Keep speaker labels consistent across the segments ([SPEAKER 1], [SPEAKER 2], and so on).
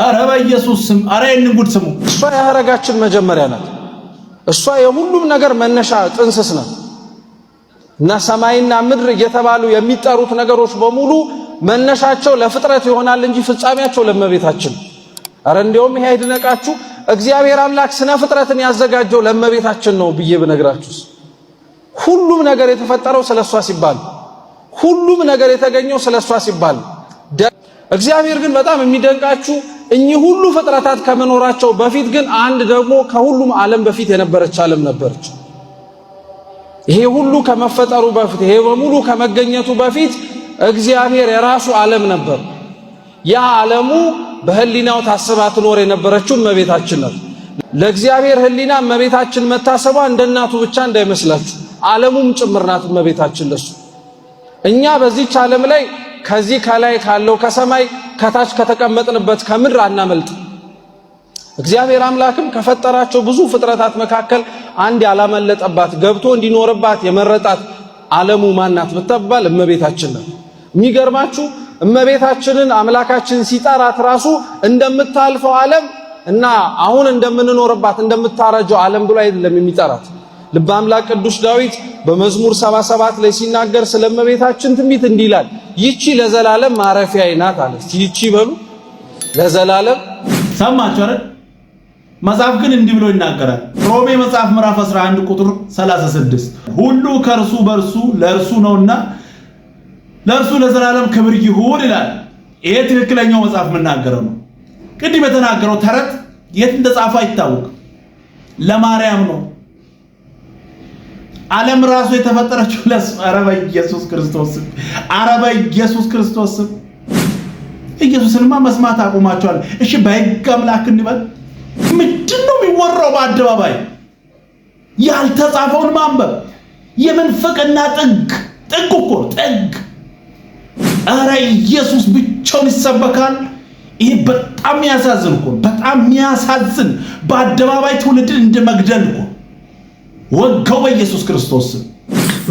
[SPEAKER 1] አረ በኢየሱስ ስም አረ ይህንን ጉድ ስሙ። እሷ የሀረጋችን መጀመሪያ ናት። እሷ የሁሉም ነገር መነሻ ጥንስስ ናት እና ሰማይና ምድር እየተባሉ የሚጠሩት ነገሮች በሙሉ መነሻቸው ለፍጥረት ይሆናል እንጂ ፍጻሜያቸው ለእመቤታችን። አረ እንዲያውም ይሄ አይድነቃችሁ፣ እግዚአብሔር አምላክ ስነ ፍጥረትን ያዘጋጀው ለእመቤታችን ነው ብዬ ብነግራችሁስ። ሁሉም ነገር የተፈጠረው ስለሷ ሲባል፣ ሁሉም ነገር የተገኘው ስለሷ ሲባል እግዚአብሔር ግን በጣም የሚደንቃችሁ እኚህ ሁሉ ፍጥረታት ከመኖራቸው በፊት ግን አንድ ደግሞ ከሁሉም ዓለም በፊት የነበረች ዓለም ነበረች። ይሄ ሁሉ ከመፈጠሩ በፊት ይሄ በሙሉ ከመገኘቱ በፊት እግዚአብሔር የራሱ ዓለም ነበር። ያ ዓለሙ በህሊናው ታስባ ትኖር የነበረችው እመቤታችን ናት። ለእግዚአብሔር ህሊና እመቤታችን መታሰቧ እንደ እናቱ ብቻ እንዳይመስላችሁ ዓለሙም ጭምር ናት እመቤታችን ለሱ እኛ በዚች ዓለም ላይ ከዚህ ከላይ ካለው ከሰማይ ከታች ከተቀመጥንበት ከምድር አናመልጥ። እግዚአብሔር አምላክም ከፈጠራቸው ብዙ ፍጥረታት መካከል አንድ ያላመለጠባት ገብቶ እንዲኖርባት የመረጣት ዓለሙ ማናት ብትባል እመቤታችን ነው። የሚገርማችሁ እመቤታችንን አምላካችን ሲጠራት ራሱ እንደምታልፈው ዓለም እና አሁን እንደምንኖርባት እንደምታረጀው ዓለም ብሎ አይደለም የሚጠራት ልበ አምላክ ቅዱስ ዳዊት በመዝሙር 77 ላይ ሲናገር ስለመቤታችን ትንቢት እንዲህ ይላል፣ ይቺ ለዘላለም ማረፊያዬ ናት አለ። ይቺ በሉ ለዘላለም ሰማችሁ አይደል? መጽሐፍ ግን እንዲህ ብሎ ይናገራል። ሮሜ መጽሐፍ ምዕራፍ 11 ቁጥር 36 ሁሉ ከእርሱ በእርሱ ለእርሱ ነውና ለእርሱ ለዘላለም ክብር ይሁን ይላል። ይሄ ትክክለኛው መጽሐፍ የምናገረው ነው። ቅድም የተናገረው ተረት የት እንደጻፈ አይታወቅም። ለማርያም ነው ዓለም ራሱ የተፈጠረችው ለሱ። ኧረ በኢየሱስ ክርስቶስ፣ ኧረ በኢየሱስ ክርስቶስ። ኢየሱስንማ መስማት አቁማቸዋል። እሺ በሕግ አምላክ እንበል። ምንድን ነው የሚወራው በአደባባይ ያልተጻፈውን ማንበብ የምንፍቅና ጥግ ጥግ እኮ ጥግ። ኧረ ኢየሱስ ብቻውን ይሰበካል። ይህ በጣም የሚያሳዝን እኮ በጣም የሚያሳዝን በአደባባይ ትውልድን እንደ መግደል እኮ ወጋው በኢየሱስ ክርስቶስ።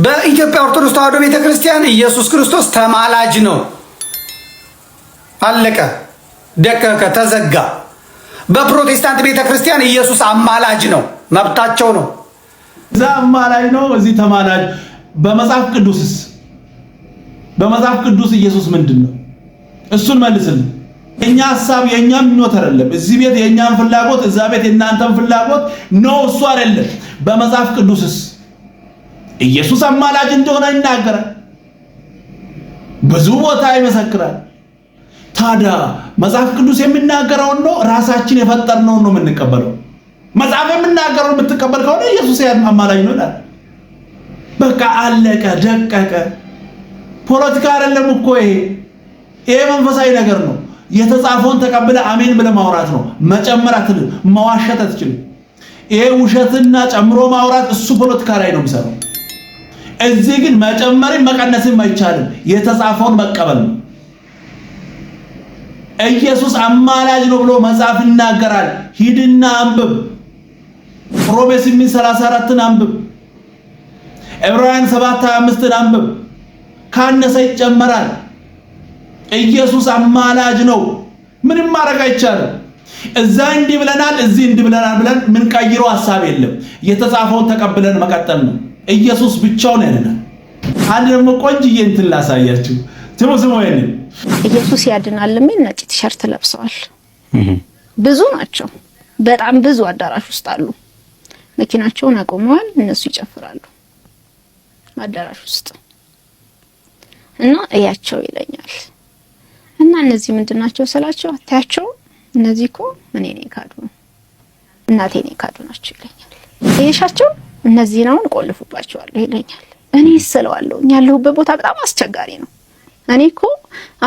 [SPEAKER 1] በኢትዮጵያ ኦርቶዶክስ ተዋህዶ ቤተክርስቲያን ኢየሱስ ክርስቶስ ተማላጅ ነው። አለቀ፣ ደቀቀ፣ ተዘጋ። በፕሮቴስታንት ቤተክርስቲያን ኢየሱስ አማላጅ ነው። መብታቸው ነው። እዛ አማላጅ ነው፣ እዚህ ተማላጅ። በመጽሐፍ ቅዱስስ በመጽሐፍ ቅዱስ ኢየሱስ ምንድን ነው? እሱን መልስልን። የኛ ሐሳብ የኛ ምኞት አይደለም። እዚህ ቤት የኛን ፍላጎት፣ እዛ ቤት የናንተን ፍላጎት ነው። እሱ አይደለም። በመጽሐፍ ቅዱስስ ኢየሱስ አማላጅ እንደሆነ ይናገራል፣ ብዙ ቦታ ይመሰክራል። ታዲያ መጽሐፍ ቅዱስ የሚናገረውን ነው ራሳችን የፈጠርነውን ነው የምንቀበለው? መጽሐፍ የምናገረው የምትቀበል ከሆነ ኢየሱስ ያን አማላጅ ነው ይላል። በቃ አለቀ ደቀቀ። ፖለቲካ አይደለም እኮ ይሄ ይሄ መንፈሳዊ ነገር ነው። የተጻፈውን ተቀብለ አሜን ብለ ማውራት ነው። መጨመር አትችልም፣ መዋሸት አትችልም። ይሄ ውሸትና ጨምሮ ማውራት እሱ ፖለቲካ ላይ ነው የሚሰራው። እዚህ ግን መጨመርም መቀነስም አይቻልም። የተጻፈውን መቀበል ነው። ኢየሱስ አማላጅ ነው ብሎ መጽሐፍ ይናገራል። ሂድና አንብብ፣ ሮሜ 8:34ን አንብብ፣ ዕብራውያን 7:25ን አንብብ። ካነሰ ይጨመራል። ኢየሱስ አማላጅ ነው። ምንም ማድረግ አይቻልም። እዛ እንዲህ ብለናል፣ እዚህ እንዲህ ብለናል ብለን ምን ቀይሮ ሐሳብ የለም። የተጻፈውን ተቀብለን መቀጠል ነው። ኢየሱስ ብቻውን ያድናል። አንድ ደግሞ ቆንጅዬ እንትን ላሳያችሁ። ስሙ ስሙ፣ ይሄን
[SPEAKER 2] ኢየሱስ ያድናል የሚል ነጭ ቲሸርት ለብሰዋል። ብዙ ናቸው፣ በጣም ብዙ አዳራሽ ውስጥ አሉ። መኪናቸውን አቁመዋል፣ እነሱ ይጨፍራሉ አዳራሽ ውስጥ እና እያቸው ይለኛል እና እነዚህ ምንድን ናቸው ስላቸው አታያቸው እነዚህ እኮ እኔ ካዱ እናቴ ነኝ ካዱ ናቸው ይለኛል። ይሻቸው እነዚህን አሁን ቆልፉባቸዋለሁ ይለኛል። እኔ ስለዋለሁ ያለሁበት ቦታ በጣም አስቸጋሪ ነው። እኔ እኮ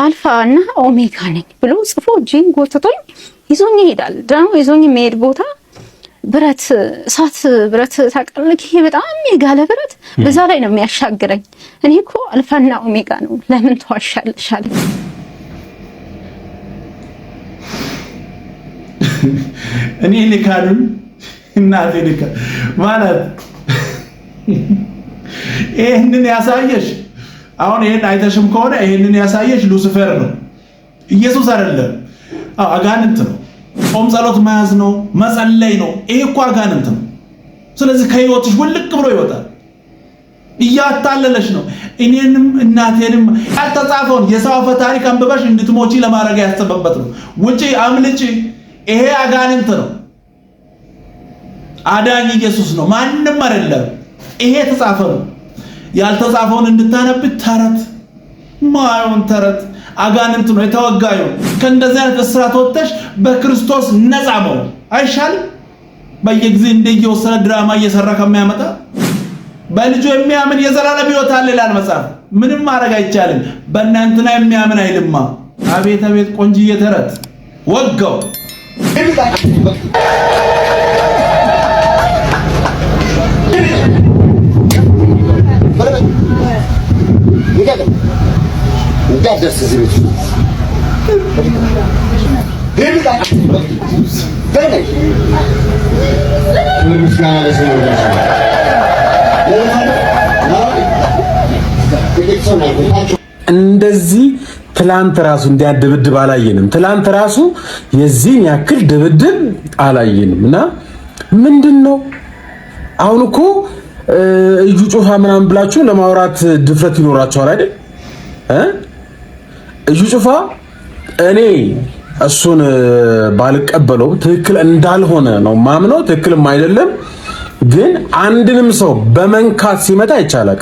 [SPEAKER 2] አልፋ እና ኦሜጋ ነኝ ብሎ ጽፎ እጄን ጎትቶኝ ይዞኝ ይሄዳል። ደግሞ ይዞኝ የሚሄድ ቦታ ብረት እሳት ብረት ታቀልክ። ይሄ በጣም የጋለ ብረት በዛ ላይ ነው የሚያሻግረኝ። እኔ እኮ አልፋና ኦሜጋ ነው ለምን ተዋሻለሻለኝ?
[SPEAKER 1] እኔ ልካዱን እናቴ ልካ ማለት ይህንን ያሳየሽ አሁን ይህን አይተሽም ከሆነ ይህንን ያሳየሽ ሉሲፈር ነው፣ ኢየሱስ አይደለም። አጋንንት ነው። ጾም ጸሎት መያዝ ነው፣ መጸለይ ነው። ይሄ እኮ አጋንንት ነው። ስለዚህ ከህይወትሽ ውልቅ ብሎ ይወጣል። እያታለለሽ ነው። እኔንም እናቴንም ያልተጻፈውን የሰው አፈ ታሪክ አንብበሽ እንድትሞቺ ለማድረግ ያሰበበት ነው። ውጪ አምልጪ ይሄ አጋንንት ነው። አዳኝ ኢየሱስ ነው፣ ማንም አይደለም። ይሄ የተጻፈ ነው። ያልተጻፈውን እንድታነብ ተረት ማየውን ተረት አጋንንት ነው የተወጋዩ። ከእንደዚህ አይነት እስራት ወጥተሽ በክርስቶስ ነፃ መሆን አይሻልም? በየጊዜ እንደየወሰነ ድራማ እየሰራ ከሚያመጣ በልጁ የሚያምን የዘላለም ሕይወት አለ ይላል መጽሐፍ። ምንም ማድረግ አይቻልም። በእናንትና የሚያምን አይልማ። አቤት አቤት! ቆንጅዬ ተረት ወጋው። Gider sizi bütün. Değil mi lan? Değil mi? Bunu Müslüman ailesine ödeyeceğim. Ne var? Ne var? Peki sonra. Endezi ትላንት ራሱ እንዲያን ድብድብ አላየንም። ትላንት ራሱ የዚህን ያክል ድብድብ አላየንም። እና ምንድን ነው አሁን እኮ እጁ ጩፋ ምናምን ብላችሁ ለማውራት ድፍረት ይኖራቸዋል አይደል? እጁ ጩፋ እኔ እሱን ባልቀበለው ትክክል እንዳልሆነ ነው ማምነው፣ ትክክልም አይደለም። ግን አንድንም ሰው በመንካት ሲመጣ ይቻላል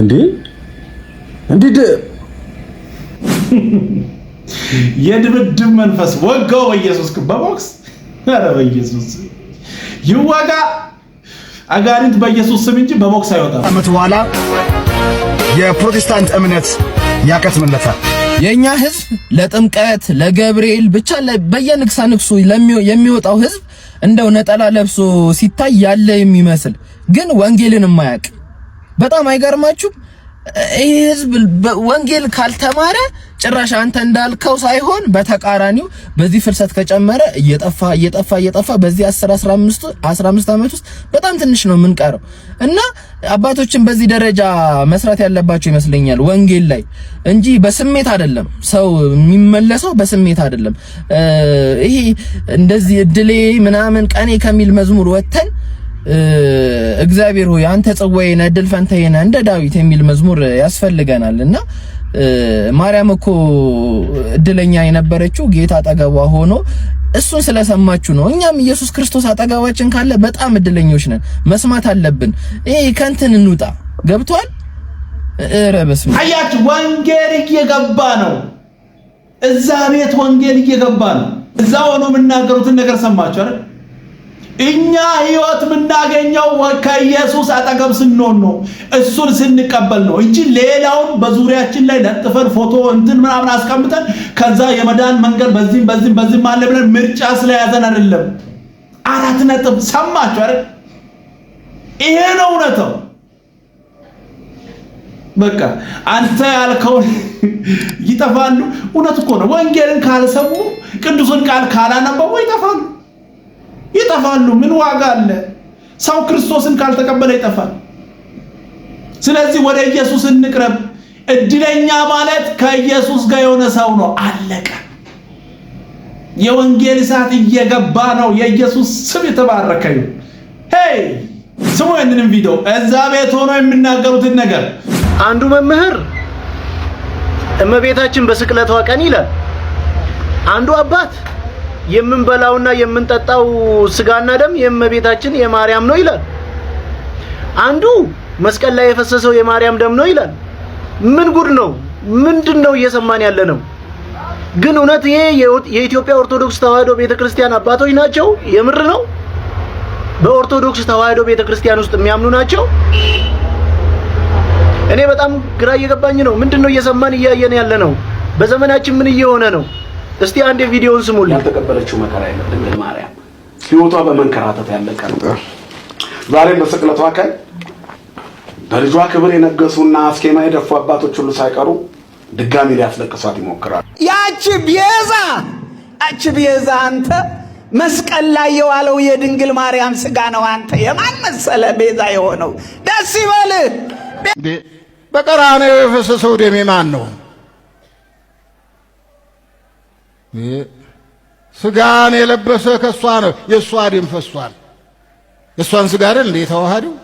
[SPEAKER 1] እንዴ? የድብድብ መንፈስ ወጋው በኢየሱስ በቦክስ ኧረ በኢየሱስ ይወጋ አጋሪት በኢየሱስ ስም እንጂ በቦክስ አይወጣም። አመት በኋላ የፕሮቴስታንት እምነት ያከትምለታል። የኛ ህዝብ ለጥምቀት ለገብርኤል ብቻ በየንግሳ ንግሱ የሚወጣው ህዝብ እንደው ነጠላ ለብሶ ሲታይ ያለ የሚመስል ግን ወንጌልን የማያውቅ በጣም አይገርማችሁ? ይህ ህዝብ ወንጌል ካልተማረ ጭራሽ አንተ እንዳልከው ሳይሆን በተቃራኒው በዚህ ፍልሰት ከጨመረ እየጠፋ እየጠፋ እየጠፋ በዚህ 10 15 15 ዓመት ውስጥ በጣም ትንሽ ነው የምንቀረው እና አባቶችን በዚህ ደረጃ መስራት ያለባቸው ይመስለኛል ወንጌል ላይ እንጂ በስሜት አይደለም። ሰው የሚመለሰው በስሜት አይደለም። ይሄ እንደዚህ እድሌ ምናምን ቀኔ ከሚል መዝሙር ወጥተን እግዚአብሔር ሆይ አንተ ጽዋዬ ነህ ድል ፈንታዬ ነህ እንደ ዳዊት የሚል መዝሙር ያስፈልገናል እና ማርያም እኮ እድለኛ የነበረችው ጌታ አጠገቧ ሆኖ እሱን ስለሰማችሁ ነው። እኛም ኢየሱስ ክርስቶስ አጠገባችን ካለ በጣም እድለኞች ነን። መስማት አለብን። ይሄ ከንትን እንውጣ። ገብቷል። እረ በስመ አብ አያችሁ፣ ወንጌል እየገባ ነው። እዛ ቤት ወንጌል እየገባ ነው። እዛ ሆኖ የምናገሩትን ነገር ሰማችሁ አይደል? እኛ ህይወት የምናገኘው ከኢየሱስ አጠገብ ስንሆን ነው፣ እሱን ስንቀበል ነው እንጂ ሌላውን በዙሪያችን ላይ ለጥፈን ፎቶ እንትን ምናምን አስቀምጠን ከዛ የመዳን መንገድ በዚህም በዚህም በዚህም አለ ብለን ምርጫ ስለያዘን አይደለም። አራት ነጥብ ሰማችሁ አይደል? ይሄ ነው እውነተው። በቃ አንተ ያልከውን ይጠፋሉ። እውነት እኮ ነው። ወንጌልን ካልሰሙ ቅዱስን ቃል ካላነበቡ ይጠፋሉ። ይጠፋሉ። ምን ዋጋ አለ? ሰው ክርስቶስን ካልተቀበለ ይጠፋል። ስለዚህ ወደ ኢየሱስ እንቅረብ። እድለኛ ማለት ከኢየሱስ ጋር የሆነ ሰው ነው። አለቀ። የወንጌል እሳት እየገባ ነው። የኢየሱስ ስም የተባረከ ይሁን። ሄይ ስሙ ይህንንም ቪዲዮ እዛ ቤት ሆኖ የሚናገሩትን ነገር አንዱ መምህር እመቤታችን በስቅለቷ ቀን ይላል፣ አንዱ አባት የምንበላውና የምንጠጣው ስጋና ደም የእመቤታችን የማርያም ነው ይላል። አንዱ መስቀል ላይ የፈሰሰው የማርያም ደም ነው ይላል። ምን ጉድ ነው? ምንድን ነው እየሰማን ያለ ነው? ግን እውነት ይሄ የኢትዮጵያ ኦርቶዶክስ ተዋሕዶ ቤተክርስቲያን አባቶች ናቸው? የምር ነው? በኦርቶዶክስ ተዋህዶ ቤተክርስቲያን ውስጥ የሚያምኑ ናቸው? እኔ በጣም ግራ እየገባኝ ነው። ምንድን ነው እየሰማን እያየን ያለ ነው? በዘመናችን ምን እየሆነ ነው? እስቲ አንድ ቪዲዮውን ስሙልኝ። ያልተቀበለችው መከራ የለም ድንግል ማርያም ህይወቷ በመንከራተት ያለቀ ዛሬም በስቅለቷ ቀን በልጇ ክብር የነገሱና አስኬማ የደፉ አባቶች ሁሉ ሳይቀሩ ድጋሚ ሊያስለቅሷት ይሞክራል። ያቺ ቤዛ ያቺ ቤዛ አንተ መስቀል ላይ የዋለው የድንግል ማርያም ስጋ ነው። አንተ የማን መሰለ ቤዛ የሆነው? ደስ ይበልህ። በቀራኔ የፈሰሰው ደሜ ማን ነው? ስጋን የለበሰ ከእሷ ነው። የእሷ ደም ፈሷል። የእሷን ስጋ አይደል እንዴ የተዋሃደው?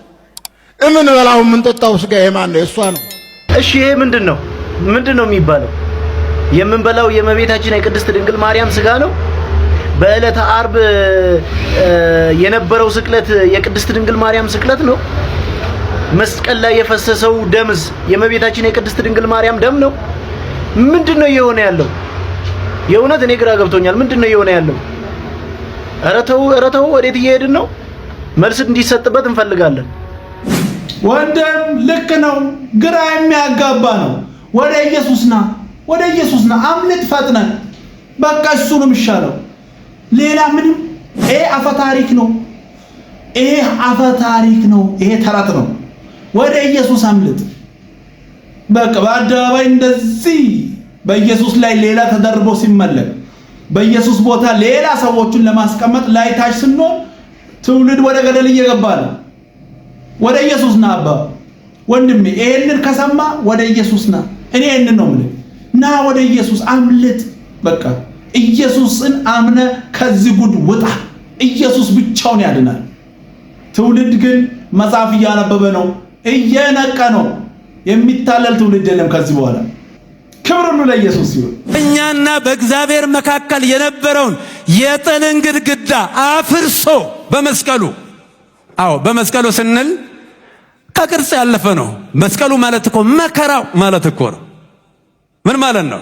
[SPEAKER 1] እምን በላው የምንጠጣው ስጋ የማን ነው? የእሷ ነው። እሺ ይሄ ምንድን ነው? ምንድን ነው የሚባለው? የምንበላው የእመቤታችን የቅድስት ድንግል ማርያም ስጋ ነው። በዕለተ አርብ የነበረው ስቅለት የቅድስት ድንግል ማርያም ስቅለት ነው። መስቀል ላይ የፈሰሰው ደምዝ የእመቤታችን የቅድስት ድንግል ማርያም ደም ነው። ምንድን ነው እየሆነ ያለው? የእውነት እኔ ግራ ገብቶኛል። ምንድን ነው የሆነ ያለው? ኧረ ተው፣ ኧረ ተው። ወዴት እየሄድን ነው? መልስ እንዲሰጥበት እንፈልጋለን። ወንድም ልክ ነው፣ ግራ የሚያጋባ ነው። ወደ ኢየሱስ ና፣ ወደ ኢየሱስ ና፣ አምልጥ ፈጥነ። በቃ እሱ ነው የሚሻለው። ሌላ ምንም። ይሄ አፈ ታሪክ ነው፣ ይሄ አፈ ታሪክ ነው፣ ይሄ ተረት ነው። ወደ ኢየሱስ አምልጥ። በቃ በአደባባይ እንደዚህ በኢየሱስ ላይ ሌላ ተደርቦ ሲመለክ፣ በኢየሱስ ቦታ ሌላ ሰዎችን ለማስቀመጥ ላይ ታች ስንሆን ትውልድ ወደ ገደል እየገባ ነው። ወደ ኢየሱስ ና አባ ወንድሜ፣ ይሄንን ከሰማ ወደ ኢየሱስ ና። እኔ ይሄንን ነው የምልህ፣ ና ወደ ኢየሱስ አምልጥ። በቃ ኢየሱስን አምነ ከዚህ ጉድ ውጣ። ኢየሱስ ብቻውን ያድናል። ትውልድ ግን መጽሐፍ እያነበበ ነው፣ እየነቀ ነው። የሚታለል ትውልድ የለም ከዚህ በኋላ። ክብር ሁሉ ለኢየሱስ ይሁን። እኛና በእግዚአብሔር መካከል የነበረውን የጥልን ግድግዳ አፍርሶ በመስቀሉ አዎ፣ በመስቀሉ ስንል ከቅርጽ ያለፈ ነው። መስቀሉ ማለት እኮ መከራው ማለት እኮ ነው። ምን ማለት ነው?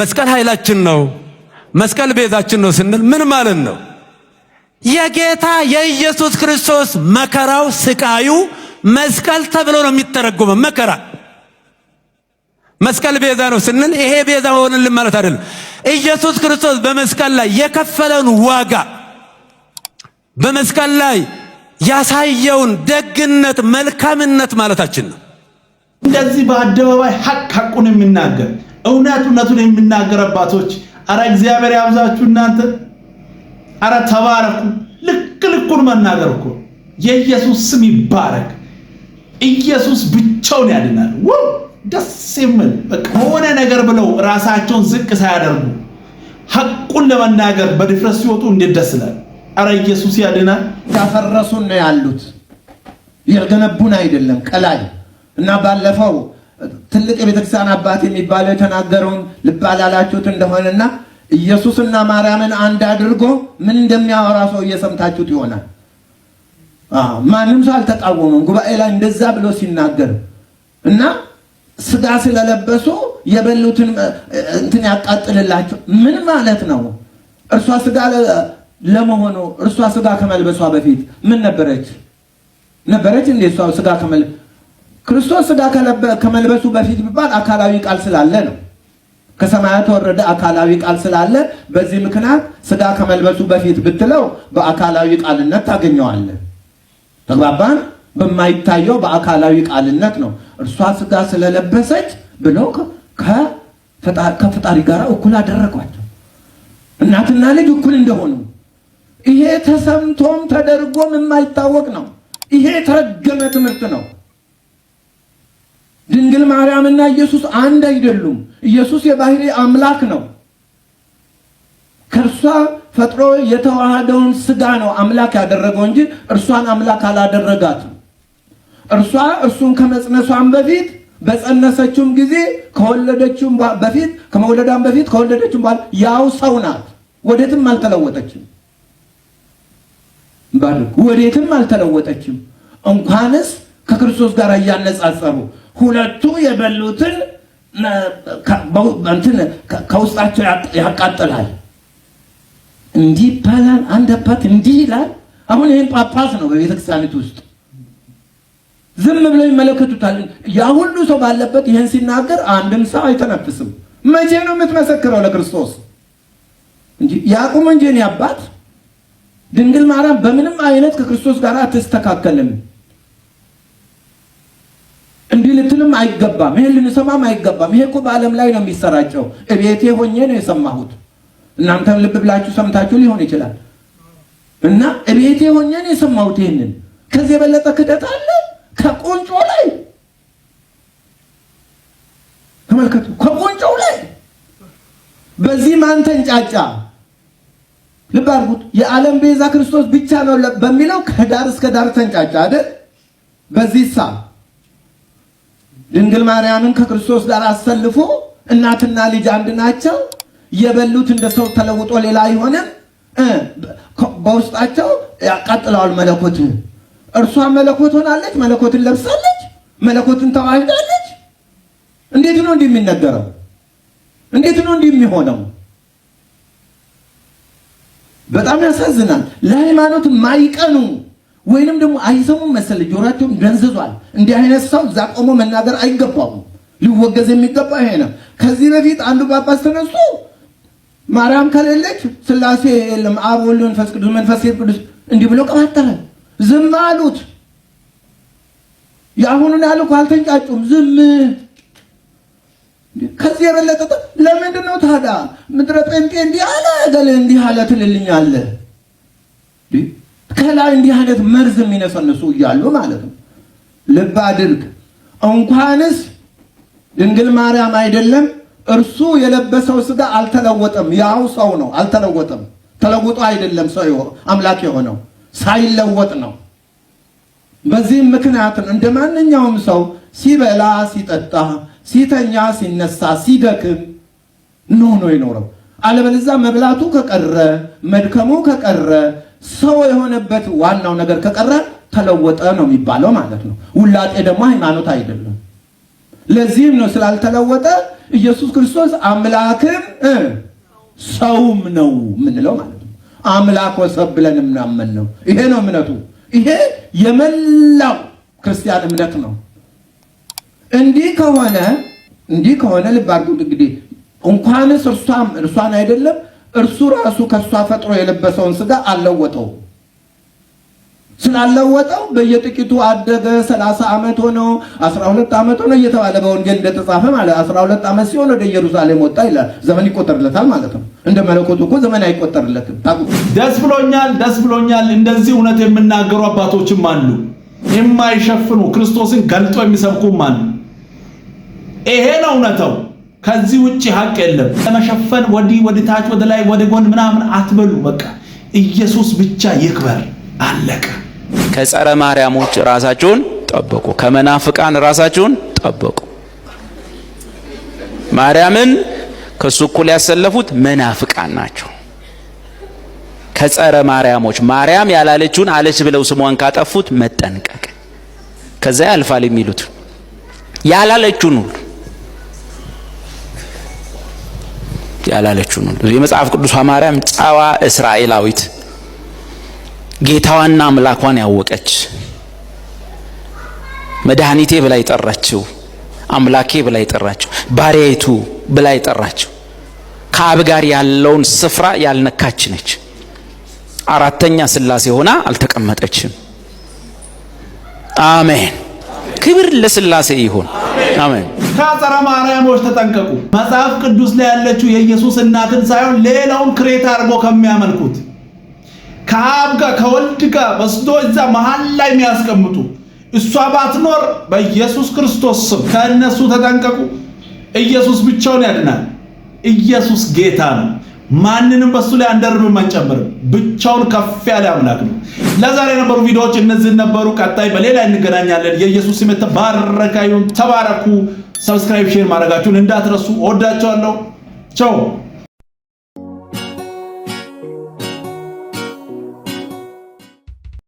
[SPEAKER 1] መስቀል ኃይላችን ነው፣ መስቀል ቤዛችን ነው ስንል ምን ማለት ነው? የጌታ የኢየሱስ ክርስቶስ መከራው፣ ስቃዩ መስቀል ተብሎ ነው የሚተረጎመው መከራ መስቀል ቤዛ ነው ስንል ይሄ ቤዛ ሆንልን ማለት አይደለም። ኢየሱስ ክርስቶስ በመስቀል ላይ የከፈለውን ዋጋ በመስቀል ላይ ያሳየውን ደግነት፣ መልካምነት ማለታችን ነው። እንደዚህ በአደባባይ ሐቅ ሐቁን የሚናገር እውነት እውነቱን የሚናገር አባቶች፣ አረ እግዚአብሔር ያብዛችሁ እናንተ። አረ ተባረኩ። ልክ ልኩን መናገር እኮ የኢየሱስ ስም ይባረክ። ኢየሱስ ብቻውን ያድናል። ደስ የምል ከሆነ ነገር ብለው ራሳቸውን ዝቅ ሳያደርጉ ሐቁን ለመናገር በድፍረት ሲወጡ እንዴት ደስ ይላል። አረ ኢየሱስ ያድና። ያፈረሱን ነው ያሉት፣ የገነቡን አይደለም። ቀላይ እና ባለፈው ትልቅ የቤተክርስቲያን አባት የሚባለው የተናገረውን ልብ አላላችሁት እንደሆነና ኢየሱስና ማርያምን አንድ አድርጎ ምን እንደሚያወራ ሰው እየሰምታችሁት ይሆናል። ማንም ሰው አልተቃወመም ጉባኤ ላይ እንደዛ ብሎ ሲናገር እና ስጋ ስለለበሱ የበሉትን እንትን ያቃጥልላቸው። ምን ማለት ነው? እርሷ ስጋ ለመሆኑ እርሷ ስጋ ከመልበሷ በፊት ምን ነበረች? ነበረች እንዴ? እሷ ስጋ ከመል ክርስቶስ ስጋ ከመልበሱ በፊት ቢባል አካላዊ ቃል ስላለ ነው። ከሰማያት ወረደ አካላዊ ቃል ስላለ በዚህ ምክንያት ስጋ ከመልበሱ በፊት ብትለው በአካላዊ ቃልነት ታገኘዋለን። ተግባባን። በማይታየው በአካላዊ ቃልነት ነው። እርሷ ስጋ ስለለበሰች ብለው ከፈጣሪ ጋር እኩል አደረጓቸው። እናትና ልጅ እኩል እንደሆኑ ይሄ ተሰምቶም ተደርጎም የማይታወቅ ነው። ይሄ የተረገመ ትምህርት ነው። ድንግል ማርያምና ኢየሱስ አንድ አይደሉም። ኢየሱስ የባህሪ አምላክ ነው። ከእርሷ ፈጥሮ የተዋሃደውን ስጋ ነው አምላክ ያደረገው እንጂ እርሷን አምላክ አላደረጋትም። እርሷ እሱን ከመጽነሷም በፊት በጸነሰችውም ጊዜ ከወለደችውም በፊት ከመውለዷም በፊት ከወለደችውም በኋላ ያው ሰው ናት። ወዴትም አልተለወጠችም። ወዴትም አልተለወጠችም። እንኳንስ ከክርስቶስ ጋር እያነጻጸሩ ሁለቱ የበሉትን እንትን ከውስጣቸው ያቃጥላል። እንዲህ ይባላል። አንድ አባት እንዲህ ይላል። አሁን ይህን ጳጳስ ነው በቤተክርስቲያኒቱ ውስጥ ዝም ብለው ይመለከቱታል። ያ ሁሉ ሰው ባለበት ይህን ሲናገር አንድም ሰው አይተነፍስም። መቼ ነው የምትመሰክረው ለክርስቶስ እንጂ? ያቁም እንጂ እኔ አባት ድንግል ማርያም በምንም አይነት ከክርስቶስ ጋር አትስተካከልም እንዲህ ልትልም አይገባም። ይሄን ልንሰማም አይገባም። ይሄ እኮ በዓለም ላይ ነው የሚሰራጨው። እቤቴ ሆኜ ነው የሰማሁት። እናንተም ልብ ብላችሁ ሰምታችሁ ሊሆን ይችላል እና እቤቴ ሆኜ ነው የሰማሁት። ይህንን ከዚህ የበለጠ ክደት አለን ከቆንጮ ላይ ተመልከቱ፣ ከቆንጮው ላይ በዚህ ማን ተንጫጫ? ልብ አድርጉት። የዓለም ቤዛ ክርስቶስ ብቻ ነው በሚለው ከዳር እስከ ዳር ተንጫጫ አይደል? በዚህ ሳ ድንግል ማርያምን ከክርስቶስ ጋር አሰልፎ እናትና ልጅ አንድ ናቸው። የበሉት እንደ ሰው ተለውጦ ሌላ አይሆንም። በውስጣቸው ያቃጥለዋል መለኮት እርሷ መለኮት ሆናለች፣ መለኮትን ለብሳለች፣ መለኮትን ተዋህዳለች። እንዴት ነው እንዲህ የሚነገረው? እንዴት ነው እንዲህ የሚሆነው? በጣም ያሳዝናል። ለሃይማኖት ማይቀኑ ወይንም ደግሞ አይሰሙም መሰል ጆሯቸውም ደንዝዟል። እንዲህ አይነት ሰው እዛ ቆሞ መናገር አይገባም። ሊወገዝ የሚገባ ይሄ ነው። ከዚህ በፊት አንዱ ጳጳስ ተነሱ ማርያም ከሌለች ስላሴ የለም አብ ወልድ መንፈስ ቅዱስ መንፈስ ቅዱስ እንዲህ ብሎ ቀባጠረ። ዝም አሉት። የአሁኑን ያህል እኮ አልተንጫጩም። ዝም ከዚህ የበለጠ ለምንድን ነው ታዲያ? ምድረ ጴንጤ እንዲህ አለ ገሌ እንዲህ አለ ትልልኛለህ። ከላይ እንዲህ አይነት መርዝ የሚነሰንሱ እያሉ ማለት ነው። ልብ አድርግ። እንኳንስ ድንግል ማርያም አይደለም እርሱ የለበሰው ስጋ አልተለወጠም። ያው ሰው ነው፣ አልተለወጠም። ተለውጦ አይደለም ሰው አምላክ የሆነው ሳይለወጥ ነው። በዚህም ምክንያት እንደ ማንኛውም ሰው ሲበላ፣ ሲጠጣ፣ ሲተኛ፣ ሲነሳ፣ ሲደክም ነው ነው ይኖረው። አለበለዚያ መብላቱ ከቀረ መድከሙ ከቀረ ሰው የሆነበት ዋናው ነገር ከቀረ ተለወጠ ነው የሚባለው ማለት ነው። ውላጤ ደግሞ ሃይማኖት አይደለም። ለዚህም ነው ስላልተለወጠ ኢየሱስ ክርስቶስ አምላክም ሰውም ነው የምንለው ማለት ነው። አምላክ ወሰብ ብለን የምናመን ነው። ይሄ ነው እምነቱ። ይሄ የመላው ክርስቲያን እምነት ነው። እንዲህ ከሆነ እንዲህ ከሆነ ልብ አድርጉ እንግዲህ እንኳንስ እርሷን አይደለም እርሱ ራሱ ከእሷ ፈጥሮ የለበሰውን ስጋ አልለወጠውም። ስላለወጠው በየጥቂቱ አደገ። 30 ዓመት ሆነው 12 ዓመት ሆነው እየተባለ በወንጌል እንደተጻፈ ማለት 12 ዓመት ሲሆን ወደ ኢየሩሳሌም ወጣ ይላል። ዘመን ይቆጠርለታል ማለት ነው። እንደ መለኮቱ እኮ ዘመን አይቆጠርለትም። ደስ ብሎኛል፣ ደስ ብሎኛል። እንደዚህ እውነት የሚናገሩ አባቶችም አሉ፣ የማይሸፍኑ ክርስቶስን ገልጦ የሚሰብኩም አሉ። ይሄ ነው እውነታው። ከዚህ ውጪ ሀቅ የለም። ለመሸፈን ወዲህ ወደታች፣ ወደ ላይ፣ ወደ ጎን ምናምን አትበሉ። በቃ ኢየሱስ ብቻ ይክበር። አለቀ። ከጸረ ማርያሞች ራሳችሁን ጠበቁ፣ ከመናፍቃን ራሳችሁን ጠበቁ። ማርያምን ከሱ እኩል ያሰለፉት መናፍቃን ናቸው። ከጸረ ማርያሞች ማርያም ያላለችውን አለች ብለው ስሟን ካጠፉት መጠንቀቅ፣ ከዛ ያልፋል የሚሉት ያላለችውን ሁሉ ያላለችውን ሁሉ የመጽሐፍ ቅዱሷ ማርያም ጸዋ እስራኤላዊት ጌታዋና አምላኳን ያወቀች መድኃኒቴ ብላ የጠራችው አምላኬ ብላ የጠራችው ባሪያይቱ ብላ የጠራችው ከአብ ጋር ያለውን ስፍራ ያልነካች ነች። አራተኛ ስላሴ ሆና አልተቀመጠችም። አሜን። ክብር ለስላሴ ይሁን። አሜን። ከአጸረ ማርያሞች ተጠንቀቁ። መጽሐፍ ቅዱስ ላይ ያለችው የኢየሱስ እናትን ሳይሆን ሌላውን ክሬታ አድርጎ ከሚያመልኩት ከአብ ጋር ከወልድ ጋር ወስዶ እዛ መሀል ላይ የሚያስቀምጡ እሷ ባትኖር በኢየሱስ ክርስቶስ ስም ከእነሱ ተጠንቀቁ። ኢየሱስ ብቻውን ያድናል። ኢየሱስ ጌታ ነው። ማንንም በሱ ላይ አንደርብም፣ አንጨምርም። ብቻውን ከፍ ያለ አምላክ ነው። ለዛሬ የነበሩ ቪዲዮዎች እነዚህ ነበሩ። ቀጣይ በሌላ እንገናኛለን። የኢየሱስ ስም የተባረከ ይሁን። ተባረኩ። ሰብስክራይብ፣ ሼር ማድረጋችሁን እንዳትረሱ። እወዳችኋለሁ። ቻው